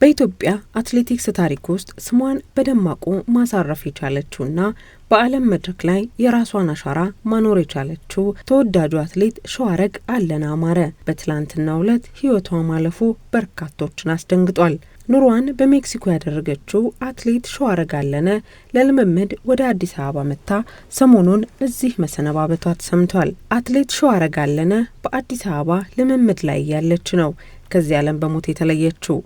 በኢትዮጵያ አትሌቲክስ ታሪክ ውስጥ ስሟን በደማቁ ማሳረፍ የቻለችውና በዓለም መድረክ ላይ የራሷን አሻራ ማኖር የቻለችው ተወዳጁ አትሌት ሸዋረግ አለና አማረ በትላንትናው ዕለት ሕይወቷ ማለፉ በርካቶችን አስደንግጧል። ኑሯን በሜክሲኮ ያደረገችው አትሌት ሸዋረ አለነ ለልምምድ ወደ አዲስ አበባ መጥታ ሰሞኑን እዚህ መሰነባበቷ ተሰምቷል። አትሌት ሸዋረ አለነ በአዲስ አበባ ልምምድ ላይ ያለች ነው ከዚህ ዓለም በሞት የተለየችው።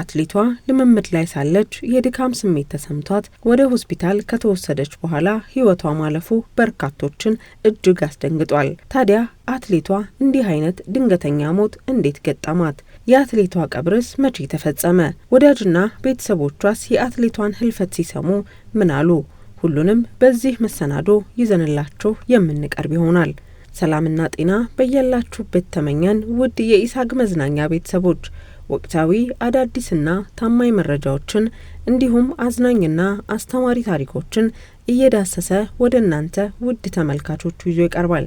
አትሌቷ ልምምድ ላይ ሳለች የድካም ስሜት ተሰምቷት ወደ ሆስፒታል ከተወሰደች በኋላ ሕይወቷ ማለፉ በርካቶችን እጅግ አስደንግጧል። ታዲያ አትሌቷ እንዲህ አይነት ድንገተኛ ሞት እንዴት ገጠማት? የአትሌቷ ቀብርስ መቼ ተፈጸመ? ወዳጅና ቤተሰቦቿስ የአትሌቷን ህልፈት ሲሰሙ ምን አሉ? ሁሉንም በዚህ መሰናዶ ይዘንላችሁ የምንቀርብ ይሆናል። ሰላምና ጤና በያላችሁበት ተመኘን። ውድ የኢሳግ መዝናኛ ቤተሰቦች ወቅታዊ አዳዲስና ታማኝ መረጃዎችን እንዲሁም አዝናኝና አስተማሪ ታሪኮችን እየዳሰሰ ወደ እናንተ ውድ ተመልካቾቹ ይዞ ይቀርባል።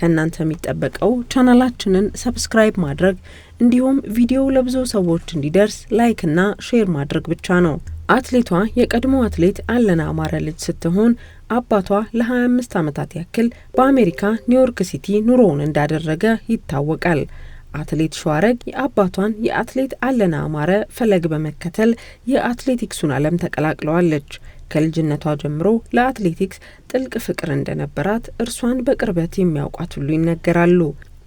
ከእናንተ የሚጠበቀው ቻናላችንን ሰብስክራይብ ማድረግ እንዲሁም ቪዲዮ ለብዙ ሰዎች እንዲደርስ ላይክና ሼር ማድረግ ብቻ ነው። አትሌቷ የቀድሞ አትሌት አለን አማረ ልጅ ስትሆን አባቷ ለ25 ዓመታት ያክል በአሜሪካ ኒውዮርክ ሲቲ ኑሮውን እንዳደረገ ይታወቃል። አትሌት ሸዋረግ የአባቷን የአትሌት አለና አማረ ፈለግ በመከተል የአትሌቲክሱን ዓለም ተቀላቅለዋለች። ከልጅነቷ ጀምሮ ለአትሌቲክስ ጥልቅ ፍቅር እንደነበራት እርሷን በቅርበት የሚያውቋት ሁሉ ይነገራሉ።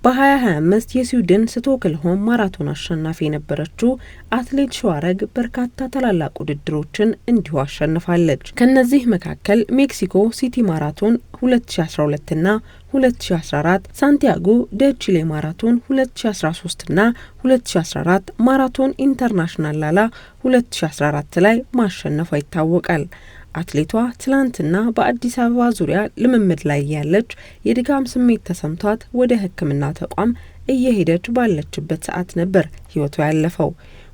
በ2025 የስዊድን ስቶክልሆም ማራቶን አሸናፊ የነበረችው አትሌት ሸዋረግ በርካታ ታላላቅ ውድድሮችን እንዲሁ አሸንፋለች። ከእነዚህ መካከል ሜክሲኮ ሲቲ ማራቶን 2012 ና 2014 ሳንቲያጎ ደ ቺሌ ማራቶን 2013 ና 2014 ማራቶን ኢንተርናሽናል ላላ 2014 ላይ ማሸነፏ ይታወቃል። አትሌቷ ትላንትና በአዲስ አበባ ዙሪያ ልምምድ ላይ ያለች የድካም ስሜት ተሰምቷት ወደ ሕክምና ተቋም እየሄደች ባለችበት ሰዓት ነበር ሕይወቷ ያለፈው።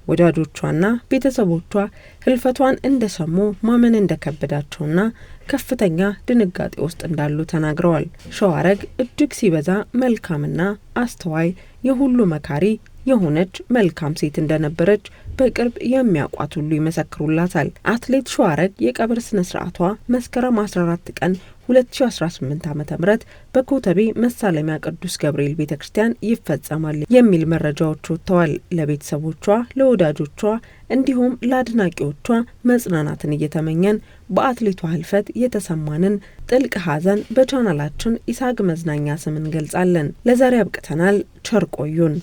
ወዳጆቿና ቤተሰቦቿ ህልፈቷን እንደሰሙ ማመን እንደከበዳቸውና ከፍተኛ ድንጋጤ ውስጥ እንዳሉ ተናግረዋል። ሸዋረግ እጅግ ሲበዛ መልካምና አስተዋይ የሁሉ መካሪ የሆነች መልካም ሴት እንደነበረች በቅርብ የሚያውቋት ሁሉ ይመሰክሩላታል። አትሌት ሸዋረግ የቀብር ስነ ስርዓቷ መስከረም 14 ቀን 2018 ዓ ም በኮተቤ መሳለሚያ ቅዱስ ገብርኤል ቤተ ክርስቲያን ይፈጸማል የሚል መረጃዎች ወጥተዋል። ለቤተሰቦቿ፣ ለወዳጆቿ እንዲሁም ለአድናቂዎቿ መጽናናትን እየተመኘን በአትሌቷ ህልፈት የተሰማንን ጥልቅ ሐዘን በቻናላችን ኢሳግ መዝናኛ ስም እንገልጻለን። ለዛሬ አብቅተናል። ቸር ቆዩን።